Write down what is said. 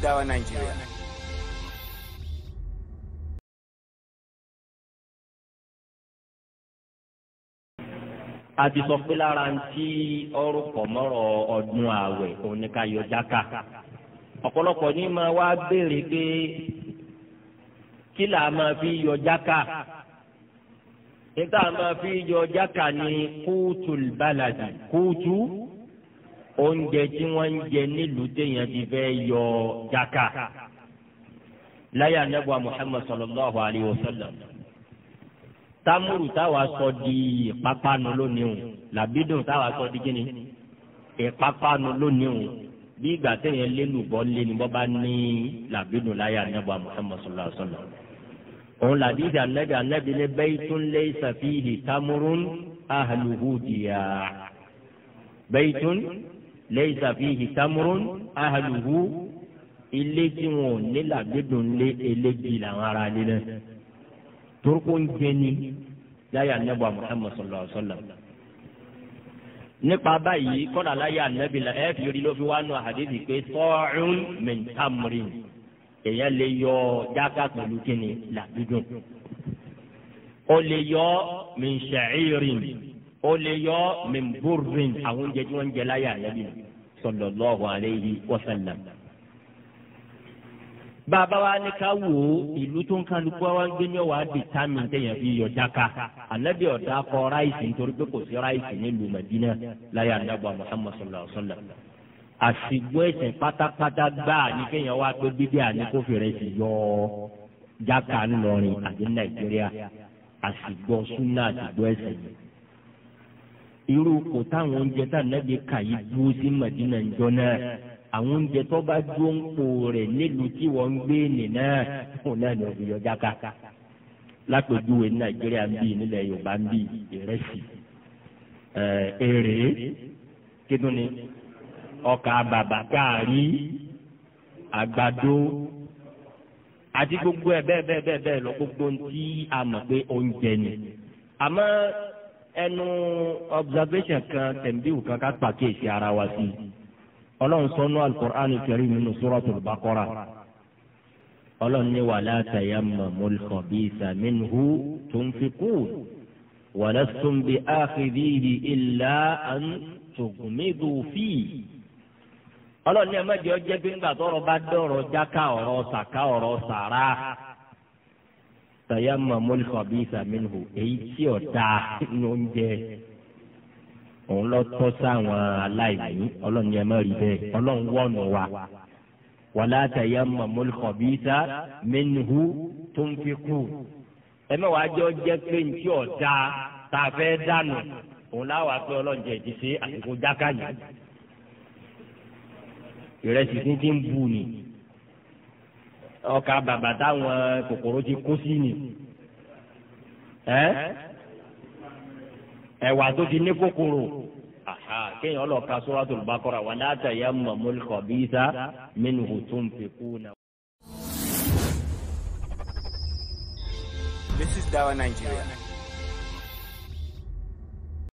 dawa Nigeria. a ti sọ pé lára ń tí ọrùn pọ̀ mọ́rọ̀ ọdún ààwẹ̀ òun ni ká yọ jáká ọ̀pọ̀lọpọ̀ ní máa wá béèrè pé kí là á máa fi yọ jáká nígbà máa fi yọ jáká ní kúùtù bàlàdì kúùtù oúnjẹ tí wọ́n ń jẹ nílùú téèyàn ti fẹ́ yọ jaka láyà nẹ́bùà Muhammad sallallahu alayhi wa sallam támúrù táwa sọ di ìpápánu lónìí o làbídùn táwa sọ di kíni ìpápánu lónìí o bí ìgbà téèyàn lélùbọ́ lé ni bọ́ ní làbídùn láyà nẹ́bùà Muhammad sallallahu alayhi wa sallam òun làbí ìdí anabi anabi ní baytun laysa fihi tamurun ahluhu diya baytun laysa fihi tamrun ahluhu ilé tí wọn ò ní làgbẹ́dùn lé eléjì làwọn ará lé náà toroko ń jẹ ni láyà nẹ́bù Muhammad sallallahu alaihi wasallam nípa báyìí kọ́dà láyà nẹ́bì la ẹ̀ fi rí ló fi wá nù àhàdìsí pé sa'un min èèyàn lè yọ jáká pẹ̀lú kíni làgbẹ́dùn ó lè yọ min o lè yọ mimburin àwọn oúnjẹ tí wọ́n jẹ láyé ànábì sallallahu alayhi wa sallam. bàbá wa ní ká wò ó ìlú tó ń kálukú wa ń gbé ní ọwọ́ àdìtámì téèyàn fi yọ jáka ànábì ọ̀dà kọ ráìsì nítorí pé kò sí ráìsì nílùú Madina láyé ànábì Muhammad sallallahu alayhi wa sallam àsìgbó ẹsẹ̀ pátápátá gbáà ní kéèyàn wá pé bíbí àní kó fèrè sí yọ ọ́ jáka ńlọrin àti nàìjíríà àsìgbó súnà àsìgbó ẹsẹ̀ yìí irú kò táwọn oúnjẹ tá nàbí kà yí dúró sí Madina njọ náà àwọn oúnjẹ tó bá dúró ń po rẹ̀ nílùú tí wọ́n ń gbé nìna fún náà ní ọ̀bí yọjá ká lápèjúwe Nàìjíríà ń bì nílẹ̀ Yorùbá ń bì ìrẹsì èrè kíndùn ni ọkà bàbà káàrí àgbàdo àti gbogbo ẹ̀ bẹ́ẹ̀ bẹ́ẹ̀ bẹ́ẹ̀ lọ gbogbo ń tí a mọ̀ pé oúnjẹ ni àmọ́ ẹnu observation kan tẹ̀m̀bíwù kan ká pàkíyèsí ara wa sí ọlọ́run sọ́nú alukur'an kẹrí nínú suratul baqara ọlọ́run ní wàlá tayammamul khabitha minhu tunfiqun walastum bi akhidhihi illa an tughmidu fihi ọlọ́run ní ẹ jẹ́ ọjẹ́ ńgbà tọ́rọ̀ bá dọ̀rọ̀ jáká ọ̀rọ̀ sàká ọ̀rọ̀ sàrà tayama mọlifọ bíi saminu èyí tí ò dáa ní oúnjẹ òun lọ tọ́ sáwọn aláìní ọlọ́run yẹn má rí bẹ́ẹ̀ ọlọ́run wọnù wa wàlá tayama mọlifọ bíi saminu tó ń fi kú ẹ má jọ jẹ pé ní tí ò tá a fẹ́ dànù òun láwàá pé ọlọ́run jẹ ìdí sí àsìkò jákàyè ìrẹsì tí bù ni ọkà bàbà táwọn kòkòrò ti kó sí ni ẹwà tó ti ní kòkòrò kéèyàn lọ ka Suratul Baqara wala tayammamul khabitha minhu tunfiquna. This is Dawa Nigeria.